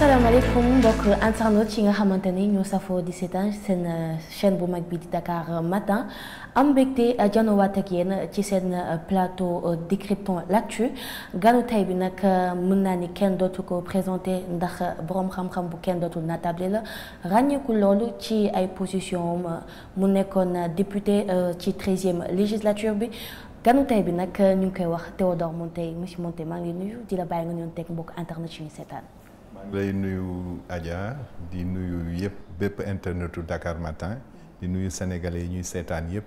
asalaamaaleykum mbokk internautes yi nga xamante ni ñoo safoo di seetaan seen euh, chaîne bu mag bi di Dakar Matin am mbégte euh, janowaat ci euh, plateau décryptant l'actu ganu tey bi nag mën naa ni kenn dootu ko présenté ndax borom xam-xam bu kenn dootul natable la loolu ci ay position mu député ci treizième législature bi ganu tey bi nag ñu koy wax Théodore Monteil monsieur Monteil maa nuyu di la bàyyi nga ñoon teg mbokk internautes yi maa lay nuyu Adja di nuyu yëpp bépp internetu Dakar Matin di nuyu sénégalais yi ñuy seetaan yëpp.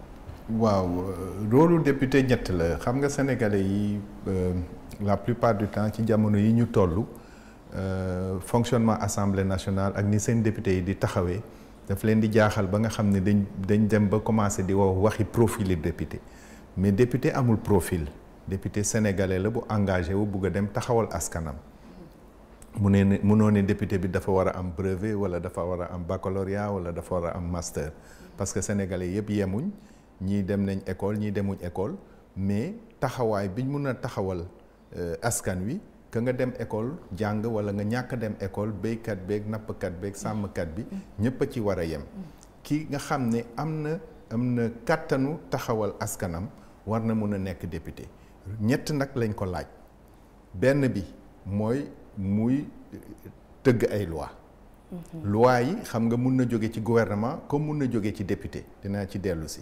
waaw loolu euh, député ñett la xam nga sénégalais yi euh, la plupart du temps ci jamono yi ñu toll euh, fonctionnement assemblée nationale ak ni seen député yi di taxawee daf leen di jaaxal ba nga xam ne dañ dañ dem ba commencé di wax waxi profil député mais député amul profil député sénégalais la bu engagé wu bugg a dem taxawal askanam mu ne ne munoo ne député bi dafa war a am brevet wala dafa war a am baccalauréat wala dafa war a am master parce que sénégalais yëpp yemuñ. ñii dem nañ école ñii demuñ école mais taxawaay biñ mun a taxawal euh, askan wi que nga dem école jàng wala nga ñàkk dem école béykat beeg nappkat beeg sàmmkat bi ñëpp a ci war a yem ki nga xam ne am na am na kàttanu taxawal askanam war na mun a nekk député ñett nag lañ ko laaj benn bi mooy muy tëgg ay loi mhm. loi yi xam nga mun na jóge ci gouvernement comme mun na jóge ci député dinaa ci dellusi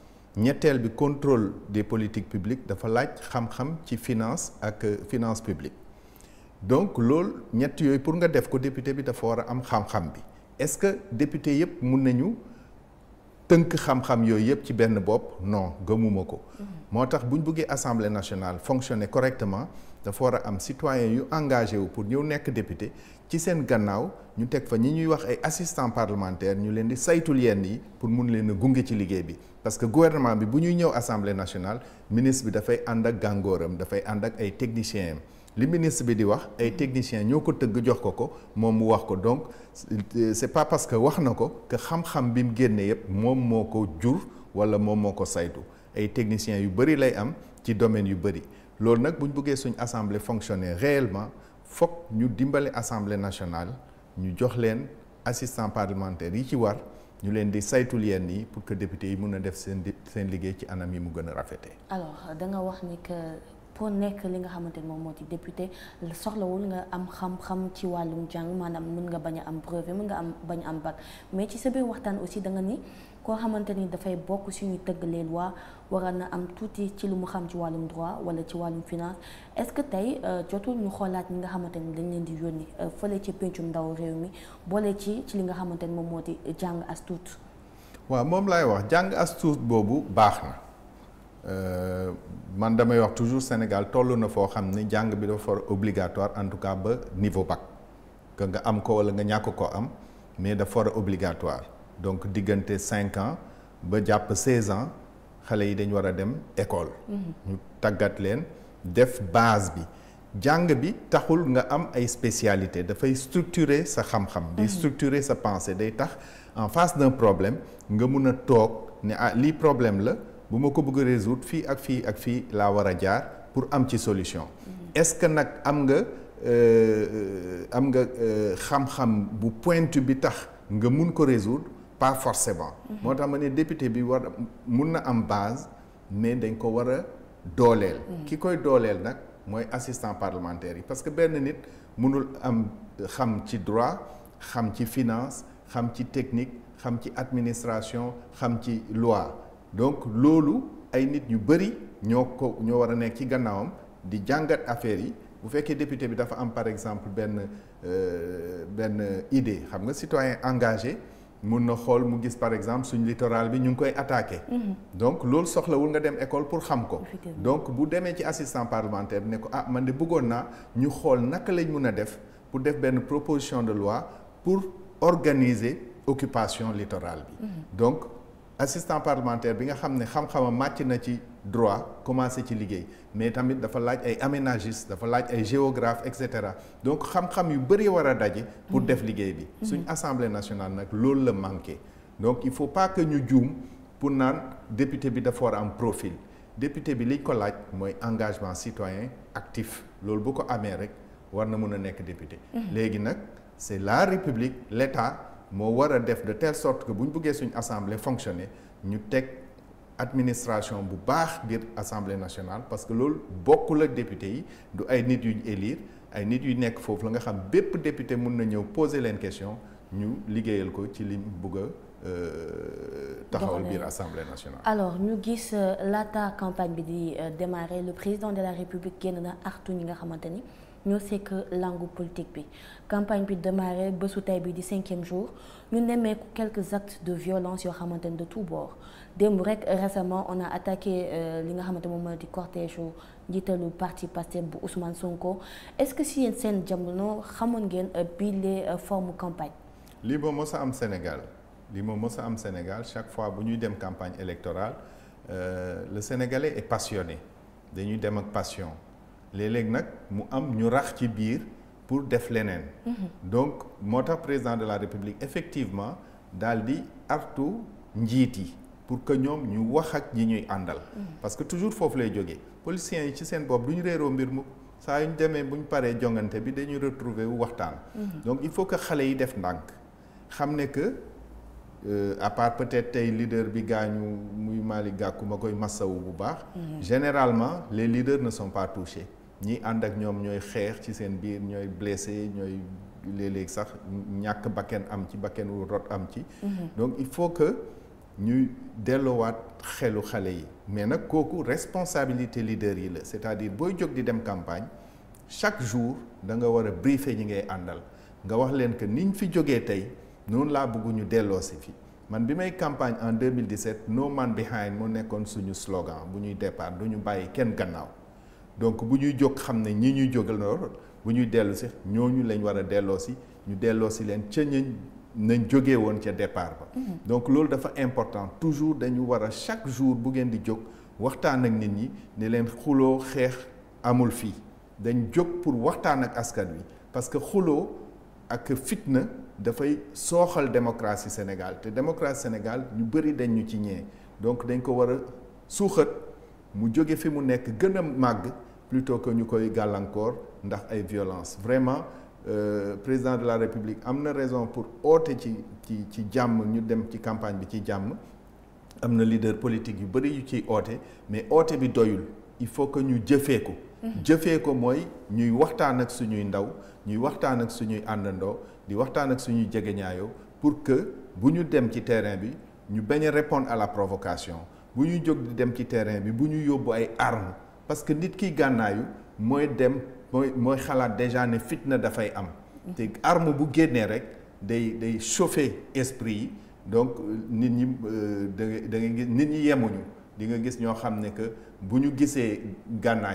ñetteel bi contrôle des politiques publiques dafa laaj xam-xam ci finance ak euh, finance publique donc l'ol, ñett yoy pour nga def ko député bi dafa wara am xam-xam bi est-ce que député yépp mën nañu tënk xam-xam yooyu yépp ci benn bopp non gëmuma ko mhm. moo tax bu bëggee assemblée nationale fonctionner correctement dafa war a am citoyen yu engagé wu pour ñëw nekk député ci seen gannaaw ñu teg fa ñi ñuy wax ay assistant parlementaire ñu leen di saytul yenn yi pour mun leen a gunge ci liggéey bi parce que gouvernement bi bu ñuy ñëw assemblée nationale ministre bi dafay ànd ak gàngooram dafay ànd ak ay techniciens li ministre bi di wax ay technicien ñoo ko tëgg jox ko ko moom mu wax ko donc c'est pas parce que wax na ko que xam-xam bi mu génnee yépp moom moo ko jur walla moom moo ko saytu ay techniciens yu bëri lay am ci domaine yu bëri loolu nag bu ñu bëggee suñ assemblée fonctionner réellement Faut ñu dimbale assemblée nationale ñu jox leen assistant parlementaire yi ci war ñu leen di saytul pour que député yi mun a def seen seen liggéey ci anam yi mu a alors da nga wax ni que pour nekk li nga xamante ne moom moo di député soxlawul nga am xam-xam ci wàllum jàng maanaam mun nga bañ am brevet mën nga am bañ am bac mais ci sa waxtaan aussi da nga ni koo xamante ni dafay bokk suñuy tëggalee waa waroon na am tuuti ci lu mu xam ci wàllum droit wala ci wàllum finance est-ce que tey euh, jotul ñu xoolaat ñi nga xamante ni dañ leen di yónni euh, fële ci pencum ndaw réew mi boole ci ci li nga xamante ni moom moo di jàng as tuut. waaw moom laay wax jàng as tuut boobu baax Euh, man damay wax toujours Sénégal toll na foo xam ne jàng bi dafa obligatoire en tout cas ba niveau bac que nga am ko wala nga ñak ko am mais dafa war obligatoire donc diganté 5 ans ba japp 16 ans xalé yi dañ wara dem école. Mm-hmm. ñu tagat leen def base bi jang bi taxul nga am ay spécialité fay structurer sa xam-xam. di mm-hmm. structurer sa pensée day tax en face d'un problème nga mëna tok né ne ah lii problème la bu ma ko bëgg résoudre fi, ak fi ak fi la wara jaar pour am ci solution mm-hmm. est-ce que nak am nga euh, am nga euh, xam-xam bu pointu bi tax nga mën ko résoudre pas forcément mm-hmm. moo tax ma ne député bi war mën na am base mais dañ ko war a dooleel mm-hmm. ki koy dooleel nak moy assistant parlementaire parce que ben nit mënul am xam ci droit xam ci finance xam ci technique xam ci administration xam ci loi donc l'olu ay nit ñu bëri ñoo ko ñoo war ci gannaawam di jangat affaire yi bu fekkee député bi dafa am par exemple euh, ben idée xam nga citoyen engagé mun na xol mu gis par exemple suñ littoral bi ñu ngi koy attaqué. Mhm. donc soxla wul nga dem école pour xam ko. donc bu démé ci assistant parlementaire bi ne ko ah man de bëggoon ñu xol naka lañ mëna def pour def ben proposition de loi pour organiser occupation littorale bi. Mhm. donc assistant parlementaire bi nga xamné xam xama match na ci droit commencé ci liguey mais tamit dafa laaj ay aménagiste dafa laaj ay géographe etc. donc xam-xam yu bëri wara dajé pour def liguey bi mm-hmm. suñ assemblée nationale nak loolu le manqué donc il faut pas que ñu juum pour naan député bi dafa war am profil député bi li ko laaj moy engagement citoyen actif loolu bu ko amee rek war na mëna pas député mm-hmm. légui nak c'est la république l'état moo def de telle sorte que si nous bëggee assemblée fonctionner ñu une administration bu baax assemblée nationale parce que l'ol de députés député yi du ay nit élire ay nit yu nekk fofu la nga xam bép député na ñëw poser leen question ñu liggéeyal ko ci lim bëgg euh, assemblée nationale. alors ñu gis la campagne qui di euh, démarrer le président de la république qui na artu nous ñoo que langue politique bi campagne bi démarré bésu tey bi di cinquième jour ñu avons quelques actes de violence sur la de tout bord récemment on a attaqué euh, li nga di cortège de parti Pastef Ousmane Sonko est-ce que si yéen seen jamono xamoon ngeen une euh, euh, forme de campagne lii moo mos Sénégal Sénégal chaque fois bu ñuy une campagne électorale le Sénégalais est passionné dañuy dem ak passion léeg-léeg nag mu am ñu rax ci biir pour def leneen. Mhm. donc moo tax président de la république effectivement daal di artu njiit yi pour que ñoom ñu wax ak ñi ñuy andal, mhm. parce que toujours foofu lay jógee policiers yi ci seen bopp du ñu réeroo mbir mu saa yu ñu demee bu ñu paree bi dañuy retrouver wu waxtaan. Mhm. donc il faut que xale yi def ndànk xam ne que euh, à part peut-être tey leader bi gaañu muy Malick Gakou ma koy massawu bu baax. généralement les leaders ne sont pas touchés ñi ànd ak ñoom ñooy xeex ci seen biir ñooy blessé ñooy léeg-léeg sax ñàkk bakken am ci bakken wu rot am ci mhm. donc il faut que ñuy delluwaat xelu xale yi mais nag kooku responsabilité leader yi la c'est-à-dire booy jóg di dem campagne chaque jour da nga war a briefer ñi ngay àndal nga wax leen que niñ fi jógee tey noonu laa bëgg ñu delloo si fi man bi may campagne en 2017 no man behind moo nekkoon suñu slogan bu ñuy départ du ñu bàyyi kenn gannaaw donc si nous savons que nous sommes en train de se faire, nous si nous lañ nous Nous en ñu nous départ mhm. donc c'est dafa important toujours dañu devons, chaque jour nous ngeen di jóg waxtaan ak nit ñi nous amul pour waxtaan ak askan wi parce que xuloo ak fitna dafay démocratie Sénégal La démocratie Sénégal ñu bëri démocratie ci donc dañ ko Donc, nous mu Nous fi mu nekk de plutôt que ñu koy gàllankoor ndax ay violence vraiment euh, président de la république am raison pour oote ci ci ci jàmm ñu dem ci campagne bi ci jàmm am leader politique yu bëri yu ciy oote mais oote bi doyul il faut que ñu jëfee ko mhm. jëfee ko mooy ñuy waxtaan ak suñuy ndaw ñuy waxtaan ak suñuy àndandoo di waxtaan ak suñuy jegeñaayoo pour que bu ñu dem ci terrain bi ñu bañ répondre à la provocation bu ñu jóg di dem ci terrain bi bu ñu ay armes parce que nit ki gànnaayu moy dem moy mooy xalaat déjà ne fitna fay am. te arme bu génnee rek day day chauffer esprit donc nit ñi euh, da nga nit ñi yemuñu di nga gis ñoo xam que bu ñu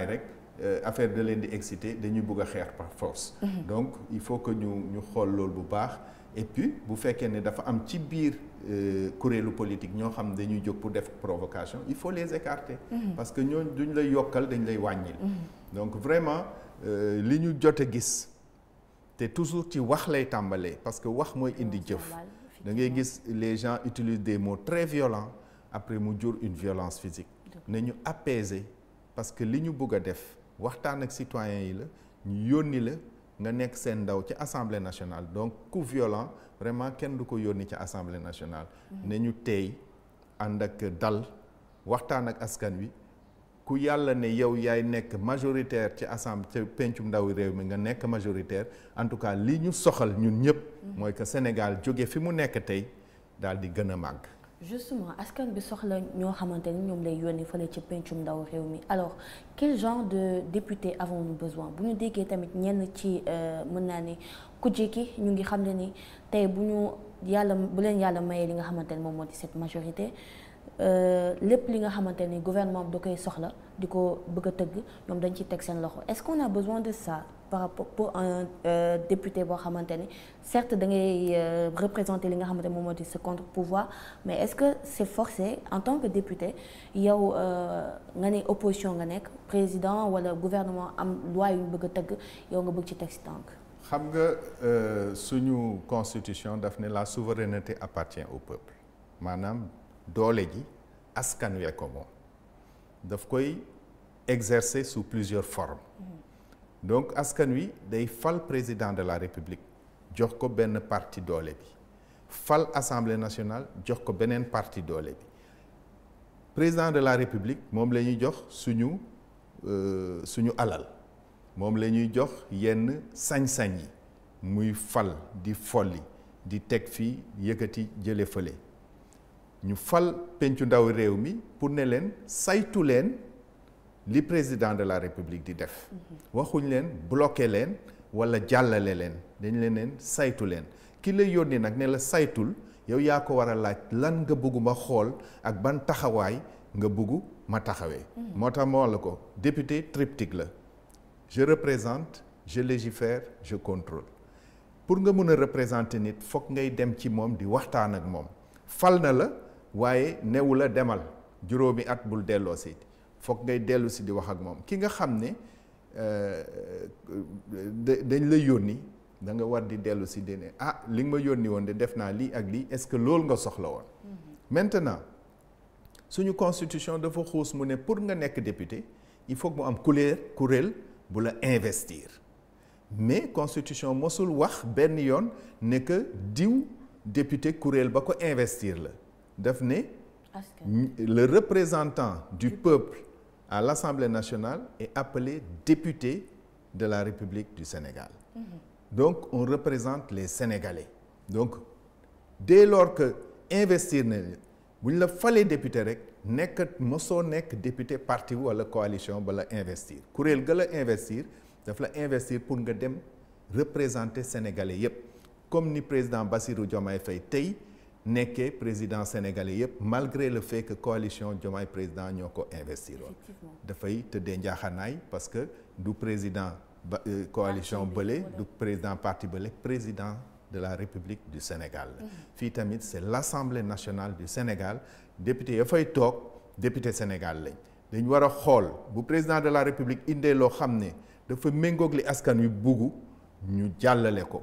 rek. Euh, affaire de leen di excité dañuy bëgg xéer par force. Mm-hmm. donc il faut que ñu ñu xol lool bu baax et puis bu fekkee a dafa am ci biir euh, kuréelu politique ño xam dañuy jóg pour def provocation il faut les écarter mm-hmm. parce que ñooñ duñ lay yokal dañ lay mm-hmm. donc vraiment ce que nous avons gis té toujours ci wax lay tambalé parce que wax moy indi jëf da ngay gis les gens utilisent des mots très violents après mu une violence physique nous ñu apaiser parce que li ñu bëgg def waxtaan ak citoyens yi la ñu yoni nga nekk seen ndaw ci assemblée nationale donc coup violent vraiment kenn du ko yónni ci assemblée nationale. Mm-hmm. ne ñu tey ànd ak dal waxtaan ak askan wi ku yàlla ne yow yaay nekk majoritaire ci assemblée ci pencum ndawi réew mi nga nekk majoritaire en tout cas li ñu soxal ñun ñëpp. Mm-hmm. mooy que Sénégal jóge fi mu nekk tey daal di gën a màgg. justement askan bi soxla ñoo xamante nous ñoom lay yónni fële ci pencum ndaw réew mi alors quel genre de député avons-nous besoin bu ñu déggee tamit ñenn ci euh, mën naa ni kujje ki ñu ngi xam ne ni tey bu ñu yàlla bu leen yàlla mayee li nga xamante ni moom cette majorité euh, les li nga xamante gouvernement doit da koy soxla coup ko bëgg a tëgg ñoom dañ ci teg seen loxo est-ce qu'on a besoin de ça par rapport pour un euh, député bo xamante certes da ngay euh, représenter li nga ce contre-pouvoir mais est-ce que c'est forcé en tant que député yow euh, nga une opposition nga président président wala gouvernement am loi yu bëgg a tëgg yow nga bëgg ci texte tank xam suñu constitution daf la souveraineté appartient au peuple Manam doole ji askan wé ko mo daf koy exercer sous plusieurs formes mm-hmm donc askan wi day fal président de la république jox ko ben parti doole bi fal assemblée nationale jox ko beneen parti doole bi président de la république moom la ñuy jox suñu euh, suñu alal Mom la ñuy jox yenn sañ-sañ yi muy fal di folli di tek fi yëkkati jëlé feulé ñu fal pencu ndaw réew mi pour ne saytulen. saytu li président de la république di def. waxuñ leen bloqué wala jàllale leen dañ leen leen saytu leen ki la yónni ne la saytul yow ya ko wara a laaj lan nga bugu ma xool ak ban taxaway nga bugu ma taxawé mm-hmm. motam député triptyque la je représente je légifère je contrôle pour nga mëna représenter nit fokk ngay dem ci mom di waxtaan ak mom fal na la wayé néwula démal demal at bul delloosi faut ngay dellu si di wax ak mom ki nga xam euh, euh dañ la yoni da nga war di dellu si ah li nga yoni won de def ak li est-ce que loolu nga soxla won mm-hmm. maintenant suñu constitution dafa xuus mu né pour nga nek député il faut que mu am couleur courel bu la investir mais constitution mosul wax ben yoon né que diw député courel ba ko investir la daf né le représentant du peuple à l'Assemblée nationale et appelé député de la République du Sénégal. Mhm. Donc, on représente les Sénégalais. Donc, dès lors que investir il fallait la falee député rek nekk mosoo nek député parti wala coalition pour la investir pour ga la investir il faut investir pour nga dem représenter sénégalais comme le président Bassirou Diomaye Faye tey nekké président sénégalais yépp malgré le fait que coalition Diomaye président ñoo ko investiroon dafay tëddee njaaxanaay parce que du président euh, coalition Belé, du président parti Belé, président de la République du Sénégal mhm. fii c'est l'Assemblée nationale du Sénégal député Yafay Tok, député Sénégal République, dañ war a bu président de la République indee loo xam ne dafa méngoog li askan wi ñu jàllale ko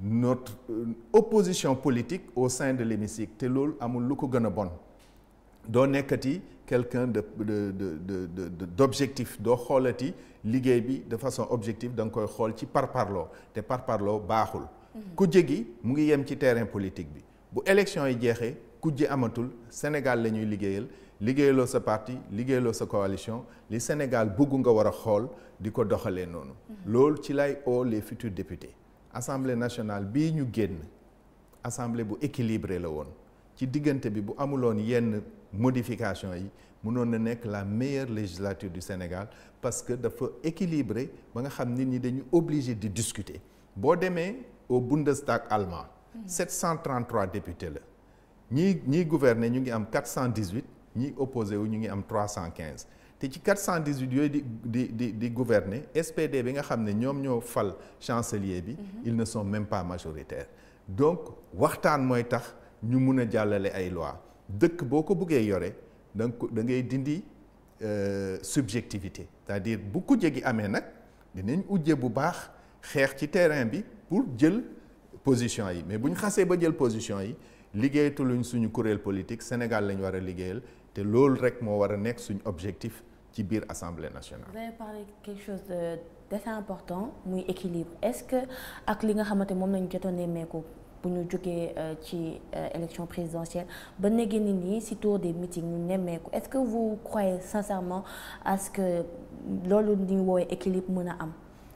notre euh, opposition politique au sein de l'hémicycle te loolu amul lu ko gën a bon doo nekkati quelqu'un de de de de d'objectif doo xoolati bi de façon objective da nga par parlo ci par parlo parparloo baaxul. Mhm. kujje gi mu ngi yem ci terrain politique bi bu élection yi jeexee kujje amatul Sénégal la ñuy liggéeyal liggéeyaloo sa parti liggéeyaloo sa coalition li Sénégal bëgg nga war a xool di ko doxalee noonu. Mhm. loolu ci lay oo les futurs députés assemblée nationale nous ñu génn assemblée équilibrée. équilibré la woon ci bi bu yenn modification yi la meilleure législature du Sénégal parce que dafa équilibré ba nga xam de dañu obligé de discuter boo demee au Bundestag allemand 733 hmm. députés la ñi ñi gouverner ñu ngi am 418 ñi opposé wu am 315 Té ci 418 yooyu di di di di gouverner SPD bi nga xamné ñom ñoo fal chancelier bi. Mhm. ils ne sont même pas majoritaires. donc waxtaan moy tax ñu mëna a ay loi dëkk boko ko yoré yore da ko ngay dindi euh, subjectivité c'est-à-dire bu ko jegi amee nag dinañ ujje bu baax xeex ci terrain bi pour jël position yi mais bu ñu ba jël position yi luñ suñu kuréel politique Sénégal lañ wara liggéeyal te loolu rek mo wara nekk suñu objectif ci biir assemblée nationale. vous avez parlé quelque chose d'assez important muy équilibre est-ce que ak li nga vous moom lañu jotoon nemmeeku bu ñu jógee euh, ci euh, élection présidentielle ba avez nii si tour des meetings ñu nemmeeku est-ce que vous croyez sincèrement à ce que loolu ñu woowee équilibre mën am.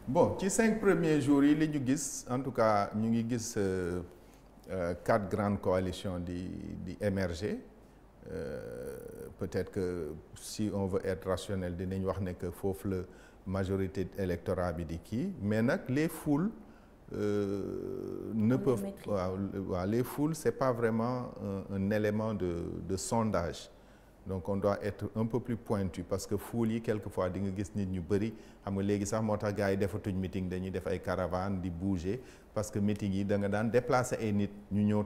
bon ci cinq premiers jours yi li ñu en tout cas ñu ngi euh, quatre grandes coalitions di di émerger. Euh, peut-être que si on veut être rationnel il wax que le la majorité électorale bi di mais nak les foules Euh, ne peuvent pas. les foules, ce n'est pas vraiment un, un élément de, de, sondage. Donc on doit être un peu plus pointu parce que foules, quelquefois, vous voyez des gens qui ont des gens qui font des meeting, qui ont des caravanes, des bouger Parce que les meetings, ils déplacent les gens,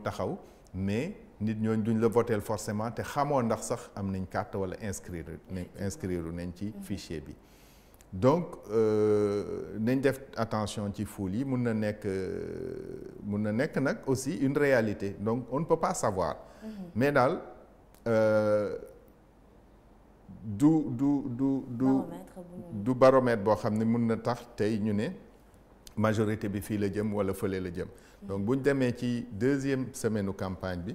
mais nit ñooñ duñ la voter forcément te xamoo ndax sax am nañ carte wala inscrire inscrire nañ ci fichier bi donc euh, nañ def attention ci foule yi mun na nekk euh, mun aussi une réalité donc on ne peut pas savoir mhm. mais daal euh, du du du du du baromètre boo xam ne mun na tax tey ñu ne majorité bi fii la jëm wala fële la jëm mhm. donc bu ñu demee ci deuxième semaine campagne bi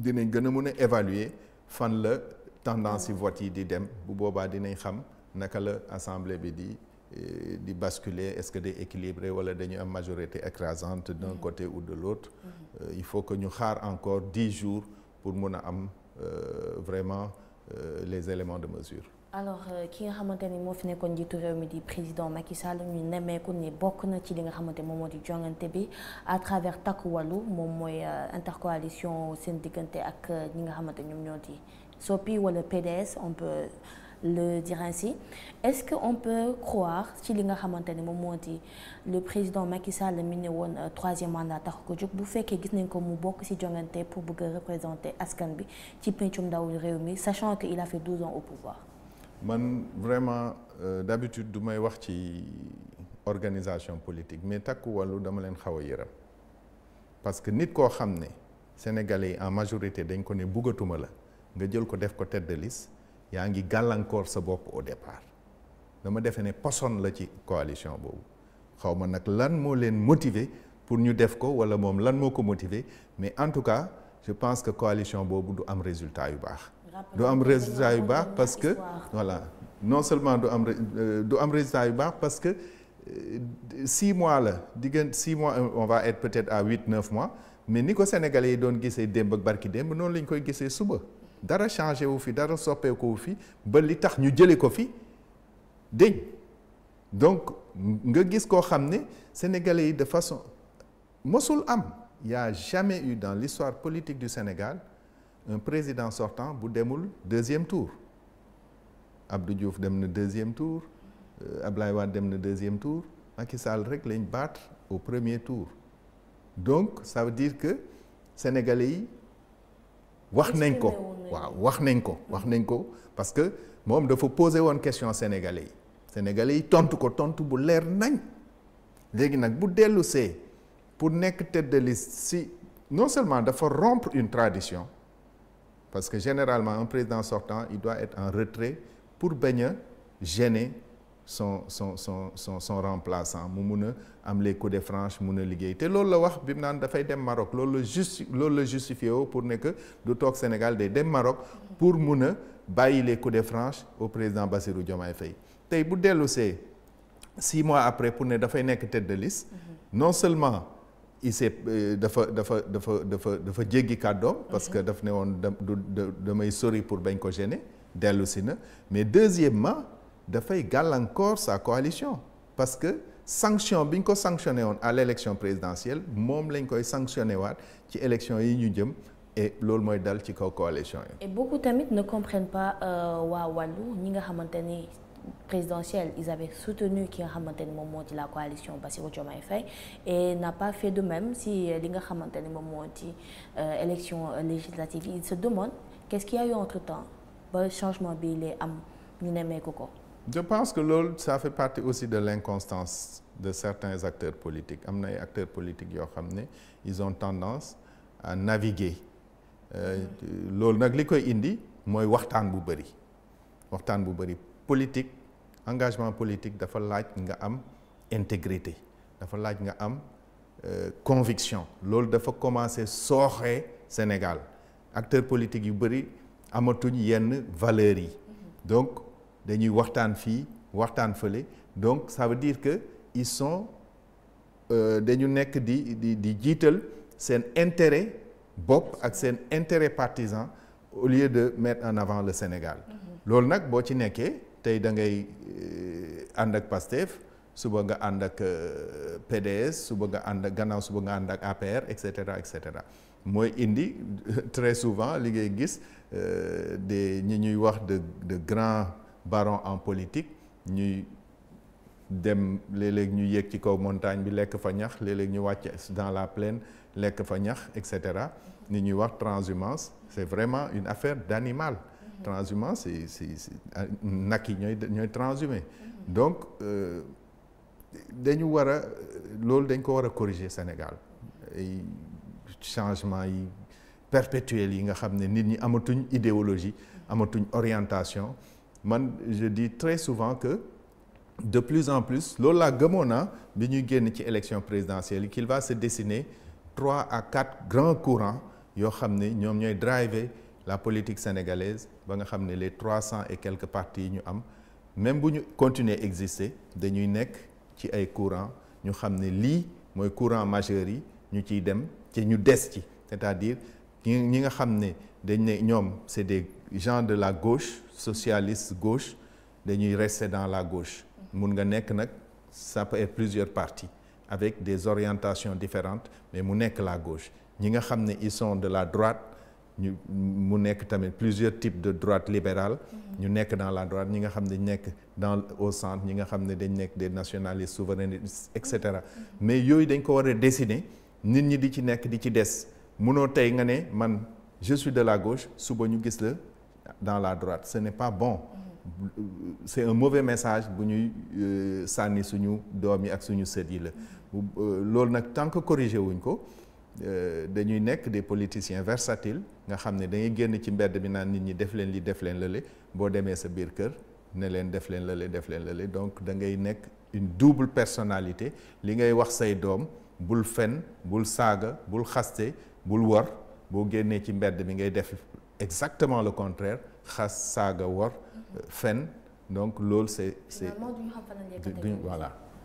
dinañ gën a évaluer fan la tendance yi vote yi di dem bu boobaa dinañ xam naka la assemblée bi di eh, di basculer est-ce que day équilibré wala dañu am majorité écrasante d'un côté ou de l'autre euh, il faut que ñu xaar encore 10 jours pour mun am euh, vraiment euh, les éléments de mesure alors euh, ki nga xamante mo fi nekkoon njiitu réew mi di président Macky Sall ñu nemmeeku ni bokk na ci li nga xamante moom moo di jongante bi à travers takku wàllu moom mooy euh, intercoalition seen diggante ak euh, ñi nga xamante ñoom ñoo di Sopi wala PDS on peut le dire ainsi est-ce que on peut croire ci li nga xamante ni moom moo di le président Macky Sall mi ne woon troisième mandat tax ko jóg bu fekkee gis nañ ko mu bokk ci jongante pour bëgg a représenter askan bi ci pencum ndaw réew mi sachant que il a fait douze ans au pouvoir man vraiment euh, d'habitude du may wax ci organisation politique mais takku walu dama len xaw a parce que nit ko xamné sénégalais en majorité dañ ko ne buggatuma la nga jël ko def ko tête de liste yaa ngi gàllankoor sa bop au départ dama défé né poson la ci coalition bobu xawma nak lan mo len motiver pour ñu def ko wala mom lan moko motiver mais en tout cas je pense que coalition bobu du am résultat yu baax Do am résultat yu parce que voilà non seulement du am euh, parce que euh, six mois là, six mois euh, on va être peut-être à huit neuf mois mais ni Sénégalais yi doon gisee démb barki démb noonu koy gisee suba dara changé wu fi dara soppeeku wu fi ba li tax ñu donc nga Sénégalais de façon mosul am y a jamais eu dans l'histoire politique du Sénégal un président sortant Boudemoul, deuxième tour Abdou Diouf deuxième tour euh, Ablaye Wade demne deuxième tour Macky Sall rek de battre au premier tour donc ça veut dire que sénégalais yi wax nañ ko waaw parce que il faut poser une question sénégalais yi sénégalais tant que ko que bu l'air nañ Si nag bu pour nekk tête de liste non seulement il faut rompre une tradition parce que généralement, un président sortant, il doit être en retrait pour baigner gêner son son son son son remplaçant Il mun a am les coups de franche mun a liggéey te loolu la wax bi mu naan dem Maroc c'est la justifié pour ne que le toog Sénégal day dem Maroc pour qu'il a les coups de franche au président Bassirou Diomaye Faye tey bu dellu see six mois après pour ne soit nekk tête de liste non seulement il s'est euh, dafa dafa dafa dafa dafa jéggi kàddoom parce que daf ne de de damay sori pour bañ ko gêner dellu si mais deuxièmement fay galancor sa coalition parce que sanction biñ ko sanctionné à l'élection présidentielle mom lañ koy sanctionné wat ci élection yi ñu jëm et lool moy dal ci ko coalition et beaucoup tamit ne comprennent pas euh, wa walu ñi nga xamanteni présidentielle ils avaient soutenu qu'il nga le la coalition et n'a pas fait de même si euh, li nga xamante ni moment euh, élection euh, législative ils se demandent qu'est-ce qu'il y a eu entre temps le changement bi am je pense que ça fait partie aussi de l'inconstance de certains acteurs politiques y ay acteurs politiques qui ils ont tendance à naviguer mm-hmm. loolu nag li koy indi mooy waxtaan bu bëri waxtaan bu bëri politique engagement politique dafa laaj nga am intégrité dafa laaj nga am euh, conviction loolu dafa commencé sooxee Sénégal acteurs politiques yu bëri amatuñ yenn valeurs yi donc dañuy waxtaan fi waxtaan feulé donc ça veut dire que ils sont euh, dañu nek di di di jiital sen intérêt bop ak sen intérêt partisan au lieu de mettre en avant le Sénégal mm-hmm. lool nag bo ci nekkee tay da ngay eh, ànd ak Pastef suba nga ànd ak eh, PDS suba nga ànd ganaw suba nga ànd ak APR et cetera et cetera mooy indi très souvent ligay gis eh, des ñi ñuy wax de de grands barons en politique ñuy dem léeg-léeg ñu yéeg ci kaw montagne bi lekk fa ñax léeg-léeg ñu wàcc dans la plaine lekk fa ñax et cetera ni ñuy wax transhumance c'est vraiment une affaire d'animal transhumant c'est un acquis ah, transhumé mm-hmm. donc nous euh, devons corriger le dañ Sénégal et changement perpétuel yi nga une idéologie mm-hmm. une orientation je dis très souvent que de plus en plus Lola laa gëmoon ah, élection présidentielle qu'il va se dessiner trois à quatre grands courants qui ont ne driver la politique sénégalaise ba nga les 300 et quelques partis ñu am même bu ñu continuer exister dañuy nekk ci ay courant ñu xam ne lii mooy courant majeur yi ñu ciy dem ci ñu des ci c'est-à-dire ñi nga xam dañ ne ñoom c'est des gens de la gauche socialistes gauche dañuy rester dans la gauche mun nga nekk nag ça peut être plusieurs partis avec des orientations différentes mais mu nekk la gauche Nous nga ils sont de la droite nous mu plusieurs types de droite libérale nous sommes dans la droite nous sommes dans au centre nous sommes des nationalistes souverainistes etc. mais nous avons décidé, nous a dit nit ñi di ci je suis de la gauche suba ñu dans la droite ce n'est pas bon c'est un mauvais message pour sani nous suñu dans ak suñu la droite. Euh, tant que corrigé wuñ euh, dañuy nekk des politiciens versatiles nga xam ne dañuy génn ci mbedd bi naan nit ñi def leen li def leen lële boo demee sa biir kër ne leen def leen lële def leen lële donc da ngay nekk une double personnalité li ngay wax say doom bul fen bul saaga bul xaste bul wor boo génnee ci mbedd bi ngay def exactement le contraire xas saaga wor fen donc loolu c'est c'est voilà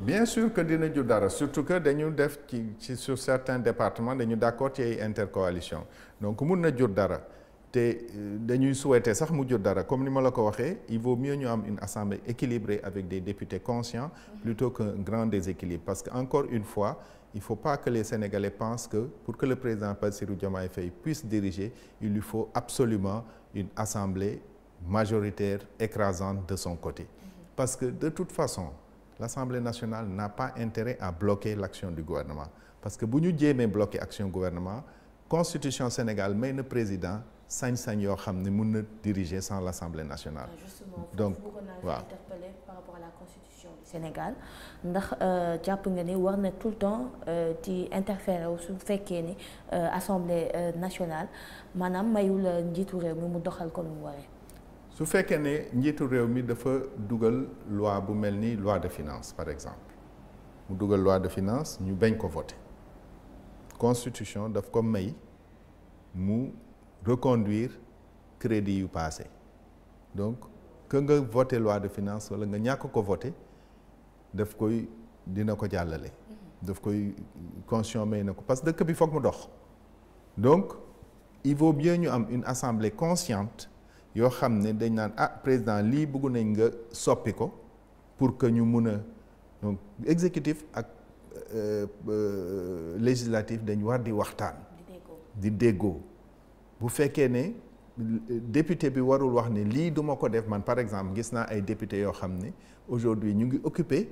bien sûr que dina sommes dara surtout que dañu def ci sur certains départements dañu d'accord ci intercoalition donc nous na jur dara té euh, dañuy souhaiter sax mu jur dara comme nous ma la il vaut mieux ñu am une assemblée équilibrée avec des députés conscients plutôt qu'un grand déséquilibre parce que encore une fois il ne faut pas que les Sénégalais pensent que pour que le président Bassirou Diomaye Faye puisse diriger il lui faut absolument une assemblée majoritaire écrasante de son côté parce que de toute façon, l'Assemblée nationale n'a pas intérêt à bloquer l'action du gouvernement. Parce que si nous bloquer l'action du gouvernement, la Constitution sénégale met le président sans sañ yoo ne diriger sans l'Assemblée nationale. Ah, donc vous interpellé par rapport à la constitution du Sénégal ndax euh, jàpp nga ni tout le temps euh, interféré interférer wu su fekkee ni euh, nationale maanaam peut nous réew mi su fekkee ne njiitu dafa dugal loi bu mel la loi de finances, par exemple mu loi de finance ñu bañ ko La constitution daf comme may mu reconduire crédit yu passé donc quand vous nga la loi de finance wala nga ñàkk ko vous daf koy dina ko jàllale daf koy constitution may parce que dëkk bi foog mu dox donc il vaut bien ñu am une assemblée consciente yo xamné dañ nan ah président li bëggu nañ nga soppi ko pour que ñu mëna donc exécutif ak euh, euh, législatif dañ war di waxtaan di dégo bu féké né député bi warul wax né li duma ko def man par exemple gis na ay député yo xamné aujourd'hui ñu ngi occupé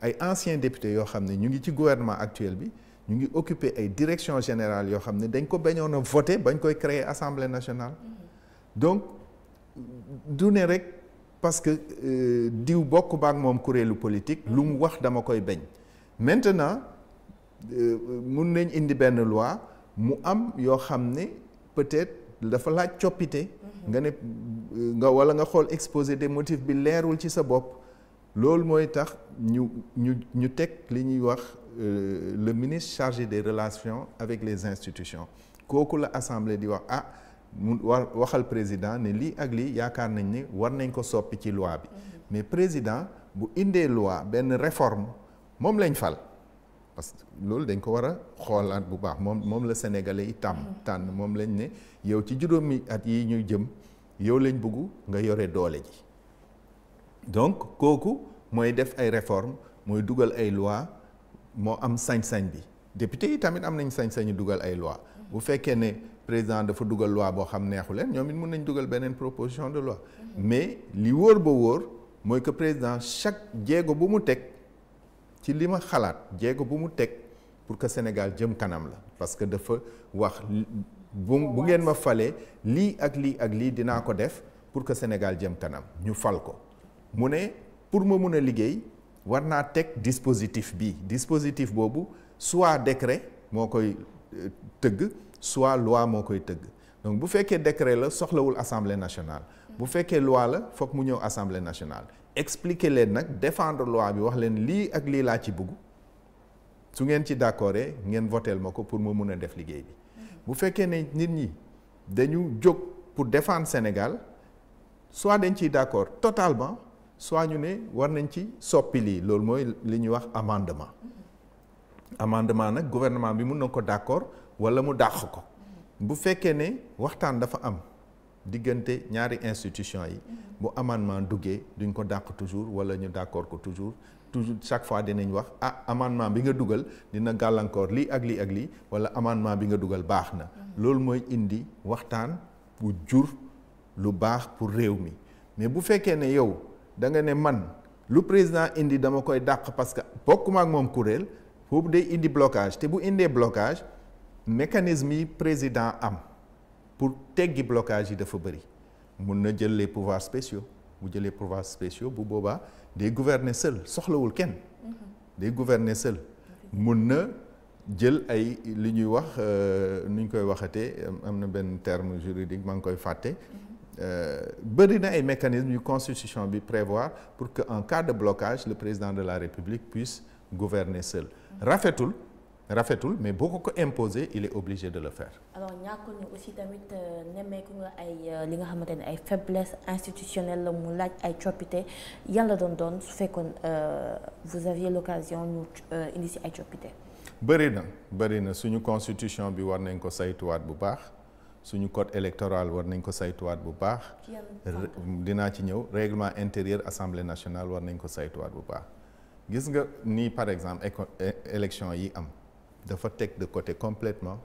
ay anciens députés yo xamné ñu ngi ci gouvernement actuel bi ñu ngi occupé ay direction générale yo xamné dañ ko bañoon voter voté bañ koy créer assemblée nationale mm-hmm. donc dune rek parce que euh, diw bokk baak mom kuréelu politique lu mu wax dama koy bañ maintenant euh, mun nañ indi ben loi mu am yo xamné peut-être dafa la ciopité mhm. nga ne euh, nga wala nga xol exposé des motifs bi leerul ci sa bop loolu moy tax ñu ñu ñu tek liñuy wax le ministre chargé des relations avec les institutions koku la assemblée di wax ah mu war waxal président ne lii ak lii yaakaar nañ ni war nañ ko soppi ci loi bi mais président bu indee loi benn réforme moom lañ fal parce que loolu dañ ko war a xoolaat bu baax moom moom la sénégalais yi tàmm tànn moom lañ ne yow ci juróomi at yi ñuy jëm yow lañ bugg nga yore doole ji donc kooku mooy def ay réforme mooy dugal ay loi moo am sañ-sañ bi député yi tamit am nañ sañ-sañu dugal ay loi bu fekkee ne président dafa dougal loi bo xam neexu leen ñoom it mun nañ dougal benen proposition de loi mais li wor ba wor moy que président chaque jéego bu mu tek ci lima xalat xalaat bu mu tek pour que Sénégal jëm kanam la parce que dafa wax bu bu ngeen ma falé li ak li ak li dina ko def pour que Sénégal jëm kanam ñu fal ko mu pour ma mëna a liggéey war naa teg dispositif bi dispositif boobu soit décret moo koy euh, tëgg soit loi moo koy vous donc bu fekkee décret la soxlawul assemblée nationale bu fekkee loi la foog mu ñëw assemblée nationale expliquer leen nak, défendre loi bi wax leen lii ak lii laa ci bëgg su ngeen ci d'accord ngeen voteel ma pour mu mun a def liggéey bi bu fekkee ne nit ñi dañu jóg pour défendre Sénégal soit dañ d'accord totalement soit ñu ne war nañ ci soppi lii loolu mooy wax amendement amendement nag gouvernement bi mun na ko d'accord wala mu dàq ko bu fekkee ne waxtaan dafa am diggante ñaari institution yi bu amendement duggee duñ ko dàq toujours wala ñu d'accord ko toujours toujours chaque fois dinañ wax ah amendement bi nga dugal dina gàllankoor lii ak li ak lii wala amendement bi nga dugal baax na loolu mooy indi waxtaan bu jur lu baax pour réew mi mais bu fekkee ne yow da nga ne man lu président indi dama koy dàq parce que bokkuma ak moom kuréel foofu day indi blocage te bu indee blocage mécanisme yi président am pour teggi blocage de dafa bëri na jël les pouvoirs spéciaux bu les pouvoirs spéciaux bu boba des gouverner seul soxlawul ken mhm. des gouverner seul mun na jël ay li ñuy wax euh, nu ñu koy waxatee amna ben terme juridique mang koy faté Il bëri na ay mécanismes yu constitution bi prévoit pour que en cas de blocage le président de la République puisse gouverner seul mhm. rafetul rafetul mais beaucoup ko imposer il est obligé de le faire. alors ñàkkul ñu aussi tamit euh, nemmeeku nga ay euh, li nga xamantene ay faiblesse institutionnelle mu laaj ay chopité yalla don don su fekkoon euh, vous aviez l'occasion ñu initier ay chopité bëri na bëri na suñu constitution bi war nañ ko saytuwaat bu baax suñu code électoral war nañ ko saytuwaat bu baax. dina ci ñew règlement intérieur assemblée nationale war nañ ko saytuwaat bu baax. gis nga ni par exemple élection yi am de teg de côté complètement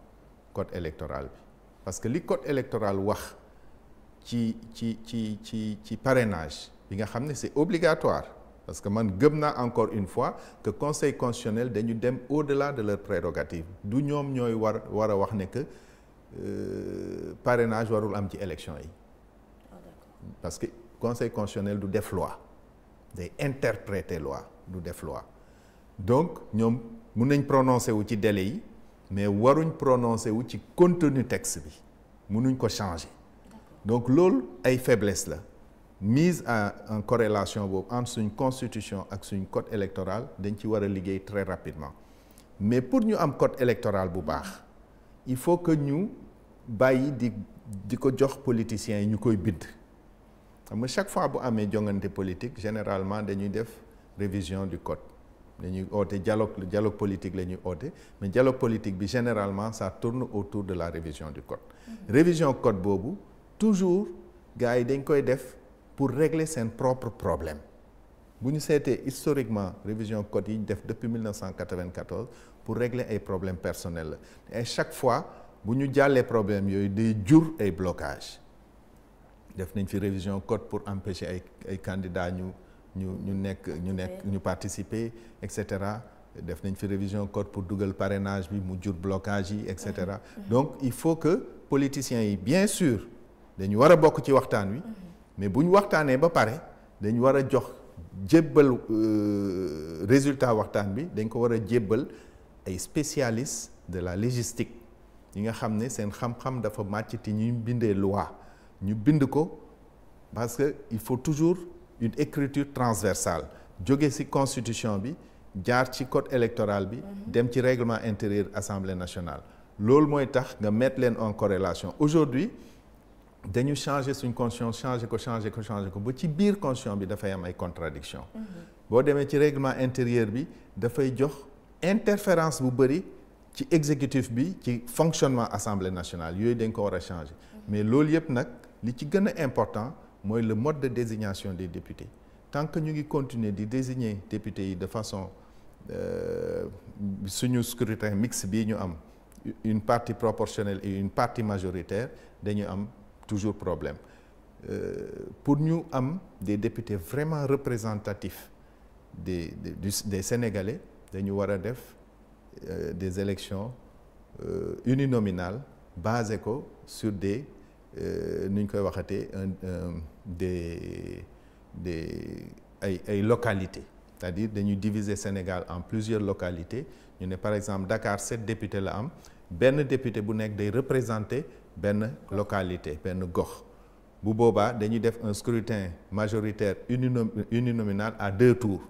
code électoral parce que le code électoral wax ci parrainage c'est obligatoire parce que je sais encore une fois que conseil constitutionnel dañu dem au-delà de leurs prérogatives, du ñoom ñooy war que le euh, que parrainage warul am ci élection ah, parce que conseil constitutionnel du def loi lois interpréter loi du loi donc nous nous nañ prononcé wu ci délai yi mais waruñ prononcé wu ci contenu texte bi mënuñ ko changer donc loolu ay faiblesse la mise en corrélation entre suñ constitution et une code électoral dañ ci war très rapidement mais pour ñu am code électoral bu baax il faut que ñu bàyyi di ko jox politiciens yi ñu koy bind chaque fois bu amee jongante politique généralement dañuy def révision du code nous avons dialogue le dialogue politique mais le mais dialogue politique généralement ça tourne autour de la révision du code. Mm-hmm. révision code Bobu toujours gars yi pour régler ses propre problème bu nous historiquement révision code depuis 1994 pour régler ay problèmes personnels et chaque fois les problèmes des problème yooyu des jur et blocages def fait une révision code pour empêcher un ay candidats ñu ñu nekk ñu nekk ñu participer et cetera def nañ fi révision code pour dugal parrainage bi mu jur blocage yi et cetera mm-hmm. Mm-hmm. donc il faut que politiciens yi bien sûr dañu war a bokk ci waxtaan wi mm-hmm. mais bu ñu waxtaanee ba pare dañu war a jox jébbal euh, résultat waxtaan bi dañ ko war a jébbal ay spécialistes de la légistique ñi nga xam ne seen xam-xam dafa màcc te ñuy bindee loi ñu bind ko parce que il faut toujours une écriture transversale Il ci constitution bi constitution, ci code électoral bi mhm. dem ci règlement intérieur assemblée nationale C'est moy tax nga mettre len en corrélation aujourd'hui dañu changer une conscience, changer ko changer ko changer ko ba ci bir y bi fay am ay contradiction mhm. Bo un ci règlement intérieur bi fay jox interférence bu l'exécutif ci exécutif bi ci fonctionnement assemblée nationale yoy dañ ko changer mhm. mais ce yep nak li ci gëna important le mode de désignation des députés tant que nous continuons de désigner désigner députés de façon euh, suñu scrutin mixte nous ñu une partie proportionnelle et une partie majoritaire nous avons toujours problème euh, pour nous des députés vraiment représentatifs des Sénégalais Nous avons euh, des élections uninominales basées sur des euh, des localités c'est-à-dire nous diviser Sénégal en plusieurs localités ñu par exemple Dakar sept députés la am député bu nekk day représenter ben localité ben Gokh. bu de nous un scrutin majoritaire uninominal à deux tours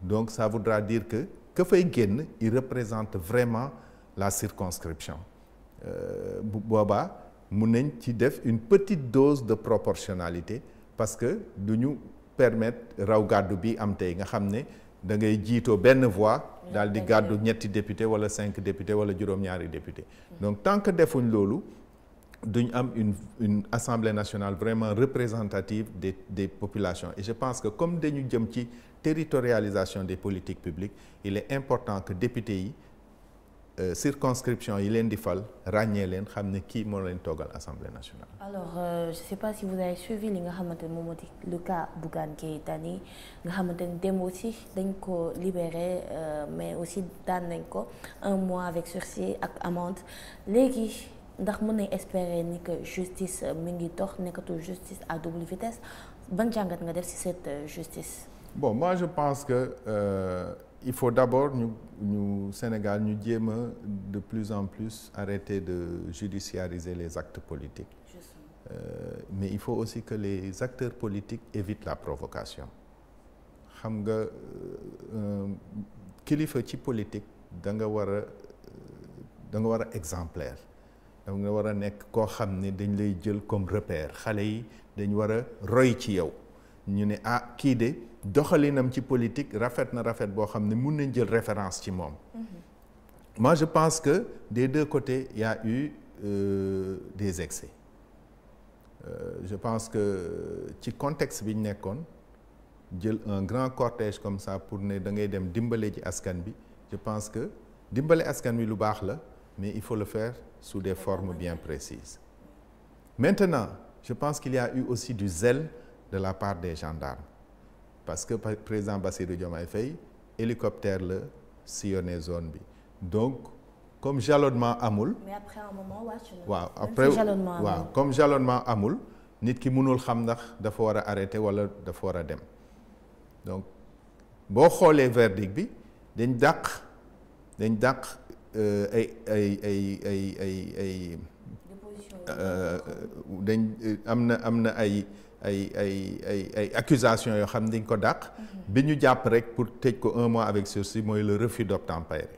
donc ça voudra dire que que fay il représente vraiment la circonscription euh, bu nous avons une petite dose de proportionnalité parce que nous nous permettre raw garder bi am tay nga xamné da ngay jiitoo benn voix dal di gàddu ñetti député wala 5 députés wala juroom ñaari députés. donc tant que defuñ lolu duñ am une une assemblée nationale vraiment représentative des populations et je pense que comme dañu jëm ci territorialisation des politiques publiques il est important que les députés... Euh, circonscription il est di fal ràññee leen xam ne kii moo nationale. alors euh, je sais pas si vous avez suivi nga le cas bougan Gueye Dany nga xamante dem aussi dañ ko libéré euh, mais aussi daan un mois avec sursis et amende légui ndax mën nañ espérer ni que justice euh, mi ngi que justice à double vitesse ban jàngat nga ci cette justice. bon moi je pense que. Euh il faut d'abord nous Sénégal nous devons de plus en plus arrêter de judiciariser les actes politiques euh, mais il faut aussi que les acteurs politiques évitent la provocation xam nga euh, euh, kilifa ci politique da nga euh, exemplaire da nga war a nekk koo lay comme repère xale yi dañ war a yow ñu ah, doxalinam ci politique rafet na rafet bo xamné mën nañ jël référence ci mhm. moi je pense que des deux côtés il y a eu euh, des excès euh, je pense que ci contexte bi ñu jël un grand cortège comme ça pour ne da ngay dem à ci je pense que dimbalé askan bi lu bax la mais il faut le faire sous des formes bien précises maintenant je pense qu'il y a eu aussi du zèle de la part des gendarmes parce que président Bassirou Diomaye Faye hélicoptère le sillonné zone bi donc comme jalonnement amul. mais après un moment wàcc na. waaw après waaw comme jalonnement amul. nit ki mënul xam ndax dafa wara arrêté wala dafa wara dem donc bo xolé verdict bi dañ dàq dañ dàq euh, ay ay ay ay ay ay. Euh, dañ euh, amna amna ay ay ay accusations yo xam ko mhm. pour un mois avec ceci, moy le refus d'obtempérer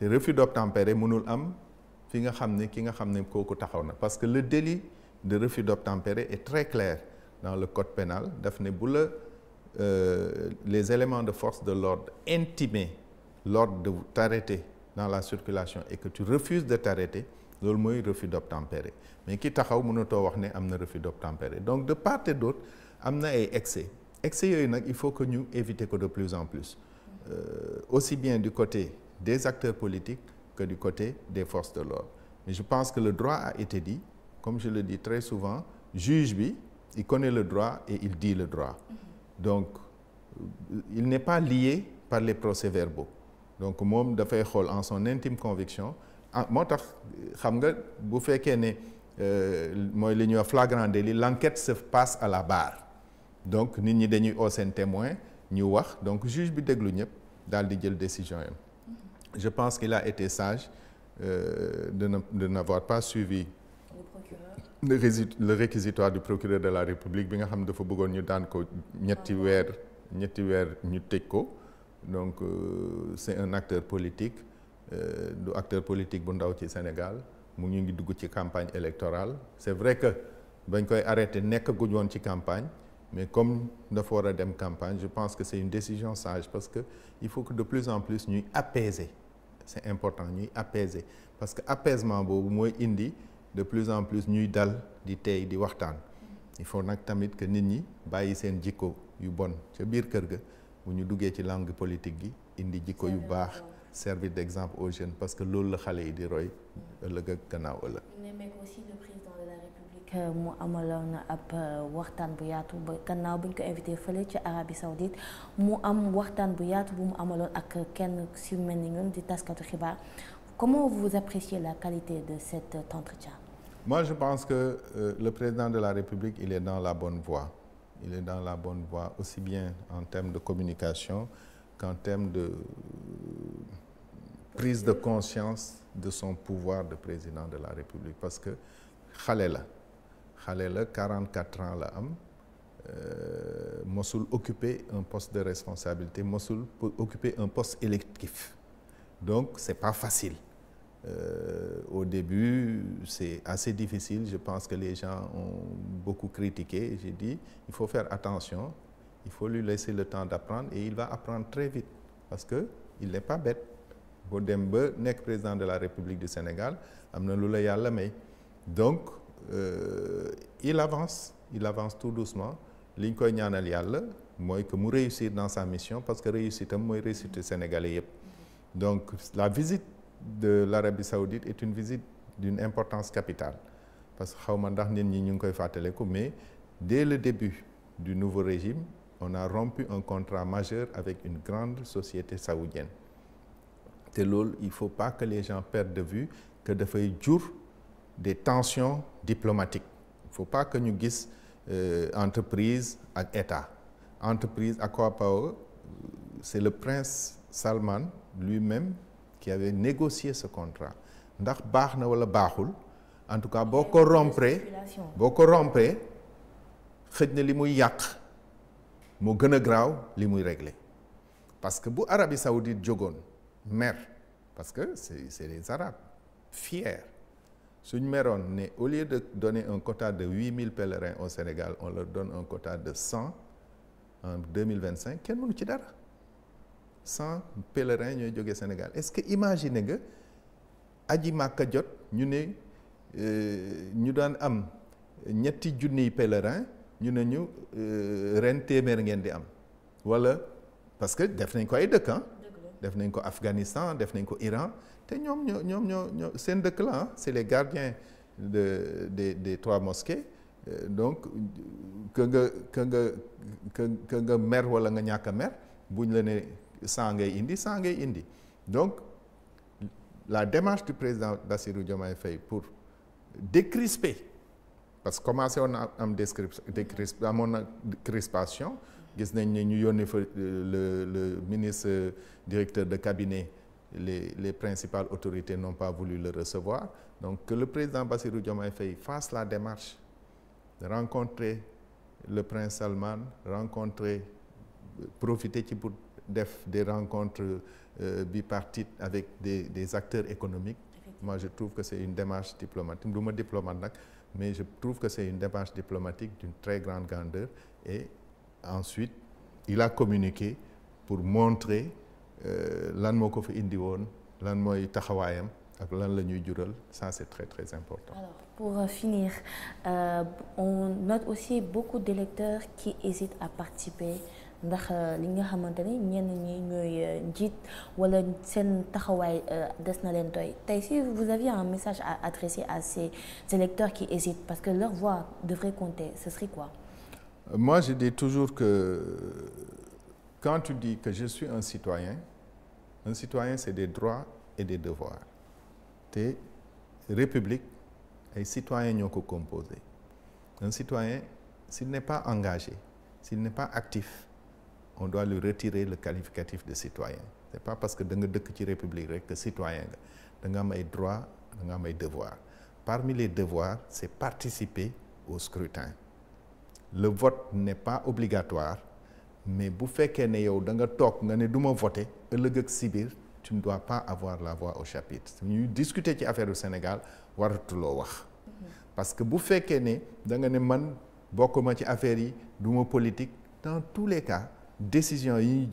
le refus d'obtempérer mënul am fi nga xamné parce que le délit de refus d'obtempérer est très clair dans le code pénal daf euh, les éléments de force de l'ordre intimés l'ordre de t'arrêter dans la circulation et que tu refuses de t'arrêter loolu refus d'obtempérer mais qui taxaw qu'il y a un refus d'obtempérer donc de part et d'autre il excès excès il faut que nous éviter que de plus en plus euh, aussi bien du côté des acteurs politiques que du côté des forces de l'ordre mais je pense que le droit a été dit comme je le dis très souvent juge il connaît le droit et il dit le droit donc euh, il n'est pas lié par les procès-verbaux donc moom dafay faire en son intime conviction ah, motax xam nga bu fekkee ne euh, moy li ñu flagrant délit l'enquête se passe à la barre donc nit ñi dañuy oo seen témoin ñu wax donc juge bi déglu ñep dal di jël décision yam je pense qu'il a été sage euh, de ne de n'avoir pas suivi le, le réquisitoire du procureur de la République bi nga xam dafa bëggoon ñu daan ko ñetti ah. weer ñetti ñu ko donc euh, c'est un acteur politique euh, du acteur politique bu ndaw ci Sénégal mu ñu ngi dugg ci campagne électorale c'est vrai que bañ koy arrêté nek guñ campagne mais comme dafa faut faire dem campagne je pense que c'est une décision sage parce que il faut que de plus en plus ñuy apaiser c'est important ñuy apaiser parce que apaisement bobu moy indi de plus en plus ñuy dal di di waxtaan il faut tamit que nit ñi bàyyi seen jikko yu bon nous biir kër langue politique gi indi jikko servir d'exemple aux jeunes parce que loolu le xale di roy ëllëg ak gannaaw même aussi le président de la République euh, mu amalon ap euh, waxtaan bu yaatu gannaaw buñ ko invité à ci Arabie Saoudite mu am waxtaan bu yaatu bu mu amalon ak kenn si mel ñun di taskatu comment vous appréciez la qualité de cet entretien. moi je pense que euh, le président de la République il est dans la bonne voie. il est dans la bonne voie aussi bien en termes de communication qu'en termes de prise de conscience de son pouvoir de président de la République parce que Khaléla, Khalela, 44 ans là, am euh, occupait un poste de responsabilité Mossoul occupait un poste électif donc ce n'est pas facile euh, au début, c'est assez difficile. Je pense que les gens ont beaucoup critiqué. J'ai dit, il faut faire attention, il faut lui laisser le temps d'apprendre et il va apprendre très vite parce qu'il n'est pas bête. Il est président de la République du Sénégal amna Lula yalla donc euh, il avance il avance tout doucement li koy ñaanal yalla que mu réussir dans sa mission parce que réussite moy réussir réussite sénégalais donc la visite de l'Arabie saoudite est une visite d'une importance capitale parce que xawma ndax nit ñi ñu mais dès le début du nouveau régime on a rompu un contrat majeur avec une grande société saoudienne il ne faut pas que les gens perdent de vue que dafay jour des tensions diplomatiques il ne faut pas que nous disions euh, entreprise et État entreprise quoi c'est le prince Salman lui-même qui avait négocié ce contrat ndax en tout cas si rompre vous rompre xëj na yak, muy yàq moo est régler parce que si l'Arabie Saoudite jogone, mer, parce que c'est les Arabes, fiers. Si nous au lieu de donner un quota de 8000 pèlerins au Sénégal, on leur donne un quota de 100 en 2025, quel monde 100 pèlerins qui au Sénégal. Est-ce que imaginez que Adi Makadjot, nous euh, avons am ñetti junni nous ñu ne ñu euh, am wala parce que def fait ko ay de def nañ ko Afghanistan def nañ ko Iran te ñom ñom ñom ñoo ñoo la ah, c'est les gardiens de des des trois mosquées euh, donc que nga que nga que nga mer wala nga ñàkk mer buñ la né sangay indi sangay indi donc la démarche du président Bassirou Diomaye Faye pour décrisper parce que commencé woon na am décrisp amoon euh, le ministre euh, directeur de cabinet les principales autorités n'ont pas voulu le recevoir donc que le président Bassirou Diomaye Faye fasse la démarche de rencontrer le prince Salman rencontrer euh, profiter pour des rencontres bipartites avec des acteurs économiques. moi je trouve que c'est une démarche diplomatique diplomate mais je trouve que c'est une démarche diplomatique d'une très grande grandeur et ensuite il a communiqué pour montrer euh, lan moo fi indi won, lan mooy ak lan lañuy ça c'est très très important. Alors, pour euh, finir euh, on note aussi beaucoup d'électeurs qui hésitent à participer ndax euh, li nga xamante ñen ñi ñoy njiit wala sen taxaway des na len toy tay si vous aviez un message à adresser à ces électeurs qui hésitent parce que leur voix devrait compter ce serait quoi? Moi, je dis toujours que quand tu dis que je suis un citoyen, un citoyen, c'est des droits et des devoirs. es république, et citoyen nous composé un citoyen s'il n'est pas engagé s'il n'est pas actif on doit lui retirer le qualificatif de citoyen Ce n'est pas parce que tu es république que citoyen nga as droits devoirs parmi les devoirs c'est participer au scrutin le vote n'est pas obligatoire mais bu vous ne yow da nga toog nga ne du voter ëllëg tu ne dois pas avoir la voix au chapitre Nous discuter ci affaires du Sénégal le wax parce que bu vous ne da nga ne man bokkuma ci affaire yi du politique dans tous les cas décision yi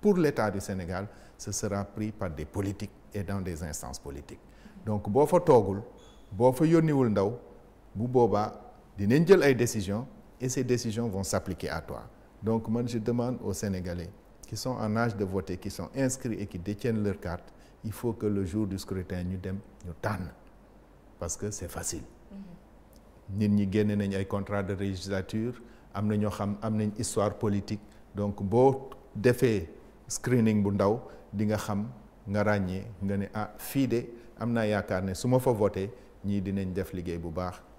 pour l'État du Sénégal ce sera pris par des politiques et dans des instances politiques donc boo fa toogul boo fa yónniwul ndaw bu boobaa ne jël ay décisions et ces décisions vont s'appliquer à toi. Donc, moi, je demande aux Sénégalais qui sont en âge de voter, qui sont inscrits et qui détiennent leur carte, il faut que le jour du scrutin, nous dem, nous Parce que c'est facile. Nous avons un contrat de législature, nous avons une histoire politique. Donc, beau défait screening vous ndaw di nga xam nga vous nga un ah fii de am naa fa voté nous dinañ def liggéey bu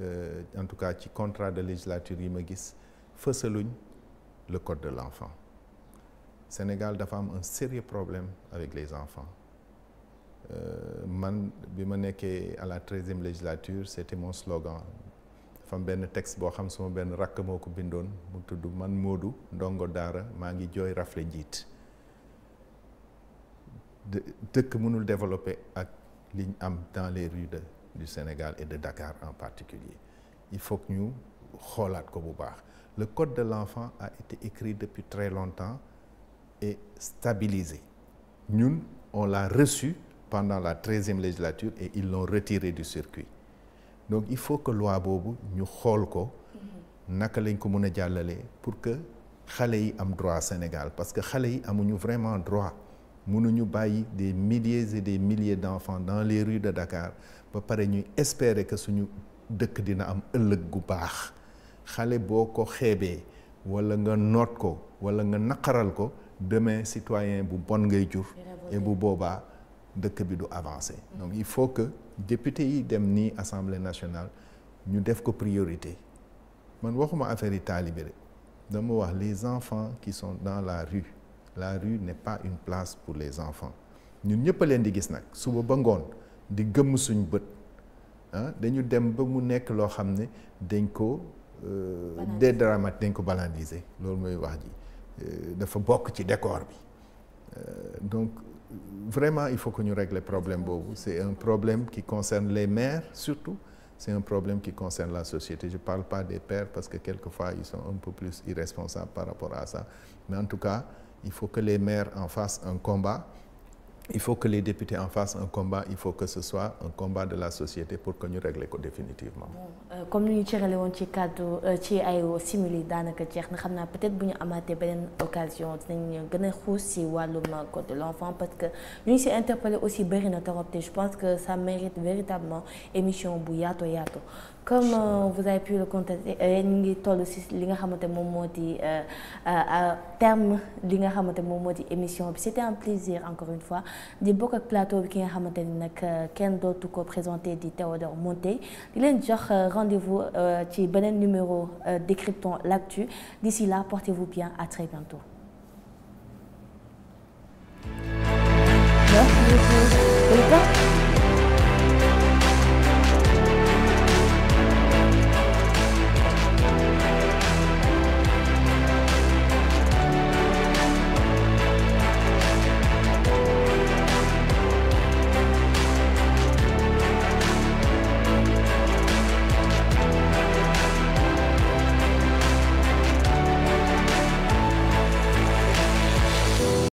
Euh, en tout cas ci contrat de législature yi ma le code de l'enfant Sénégal a un sérieux problème avec les enfants euh, man bi ma à la 13e législature c'était mon slogan dafa am texte boo xam suma man ndongo ngi développer ak liñ dans les rues du Sénégal et de Dakar en particulier il faut que nous xoolaat ko bu le code de l'enfant a été écrit depuis très longtemps et stabilisé Nous, on l'a reçu pendant la 13e législature et ils l'ont retiré du circuit donc il faut que loi bobu ñu xol ko naka lañ ko pour que xalé yi am droit Sénégal parce que xalé yi amuñu vraiment droit mënuñu bàyyi des milliers et des milliers d'enfants dans les rues de Dakar ba pare ñuy espérer que suñu dëkk dina am ëllëg gu baax xale boo ko xeebee nga note ko wala nga nakaral ko demain citoyen bu bon ngay jur et bu boba deuk bi du avancer mm-hmm. donc il faut que député yi dem ni assemblée nationale ñu def ko priorité man waxuma affaire yi talibé dama wax les enfants qui sont dans la rue la rue n'est pas une place pour les enfants ñun ñëpp a pas di gis nag suba ba ngoon di gëmm suñ bët ah dañu dem ba mu nekk des xam ne dañ des euh, dédramat dañ ko banaliser loolu mooy wax ji euh, dafa bokk ci décor bi euh, donc vraiment il faut que nous ñu le problème c'est un problème qui concerne les mères, surtout c'est un problème qui concerne la société je ne parle pas des pères parce que quelquefois ils sont un peu plus irresponsables par rapport à ça mais en tout cas il faut que les maires en fassent un combat, il faut que les députés en fassent un combat, il faut que ce soit un combat de la société pour que nous réglions définitivement. Euh, comme nous avons dit que simulé peut-être que nous avons une occasion de code de l'enfant parce que nous sommes interpellés aussi, je pense que ça mérite véritablement émission Bouyato Yato comme euh, vous avez pu le constater euh, nous ñu ngi li nga xamante moom euh, terme li nga xamante moom émission c'était un plaisir encore une fois di bokk ak plateau bi ki nga xamante ni nag kenn dootu ko présenté di Théodore monté. di leen jox rendez-vous ci beneen numéro décryptons l'actu d'ici là portez-vous bien à très bientôt. Merci beaucoup.